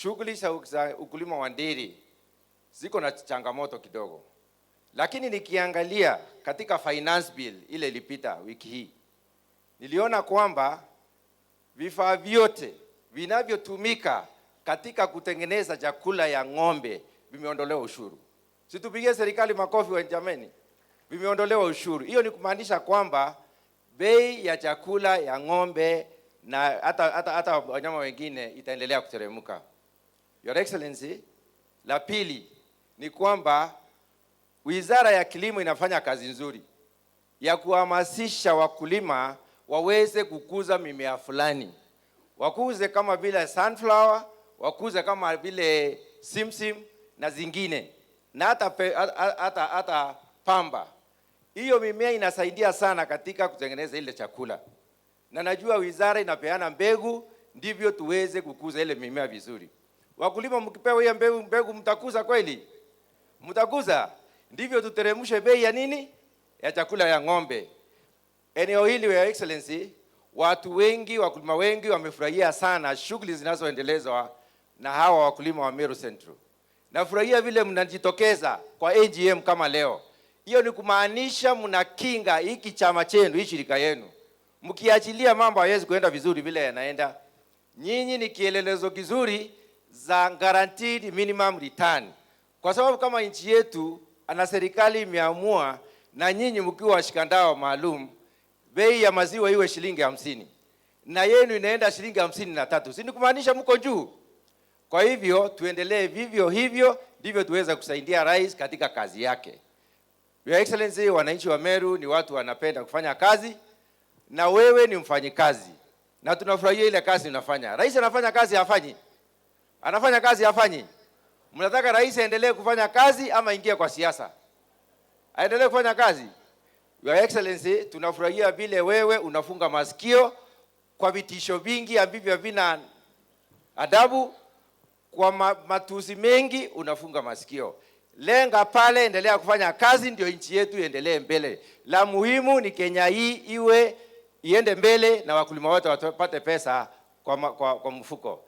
shughuli za ukulima wa ndiri ziko na changamoto kidogo, lakini nikiangalia katika finance bill ile ilipita wiki hii, niliona kwamba vifaa vyote vinavyotumika katika kutengeneza chakula ya ng'ombe vimeondolewa ushuru. Situpigie serikali makofi wa jameni, vimeondolewa ushuru. Hiyo ni kumaanisha kwamba bei ya chakula ya ng'ombe na hata hata wanyama wengine itaendelea kuteremka. Your Excellency, la pili ni kwamba Wizara ya Kilimo inafanya kazi nzuri ya kuhamasisha wakulima waweze kukuza mimea fulani, wakuze kama vile sunflower, wakuze kama vile simsim na zingine na hata, hata, hata pamba. Hiyo mimea inasaidia sana katika kutengeneza ile chakula, na najua wizara inapeana mbegu, ndivyo tuweze kukuza ile mimea vizuri. Wakulima, mkipewa hiyo mbegu, mbegu mtakuza kweli? Mtakuza? Ndivyo tuteremshe bei ya nini, ya chakula ya ng'ombe. Eneo hili Your Excellency, watu wengi, wakulima wengi wamefurahia sana shughuli zinazoendelezwa na hawa wakulima wa Meru Central. Nafurahia vile mnajitokeza kwa AGM kama leo. Hiyo ni kumaanisha mnakinga hiki chama chenu, hii shirika yenu. Mkiachilia mambo hayawezi kuenda vizuri vile yanaenda. Nyinyi ni kielelezo kizuri za guaranteed minimum return, kwa sababu kama nchi yetu ana serikali imeamua, na nyinyi mkiwa washikandao maalum, bei ya maziwa iwe shilingi hamsini na yenu inaenda shilingi hamsini na tatu, si ni kumaanisha mko juu? Kwa hivyo tuendelee vivyo hivyo, ndivyo tuweza kusaidia rais katika kazi yake. Your Excellency, wananchi wa Meru ni watu wanapenda kufanya kazi, na wewe ni mfanyikazi, na tunafurahia ile kazi unafanya. Rais anafanya kazi, afanyi anafanya kazi afanyi Mnataka rais aendelee kufanya kazi ama ingie kwa siasa? Aendelee kufanya kazi. Your Excellency, tunafurahia vile wewe unafunga masikio kwa vitisho vingi ambavyo vina adabu, kwa matusi mengi unafunga masikio. Lenga pale, endelea kufanya kazi, ndio nchi yetu iendelee mbele. La muhimu ni Kenya hii iwe iende mbele na wakulima wote wapate pesa kwa, kwa, kwa mfuko.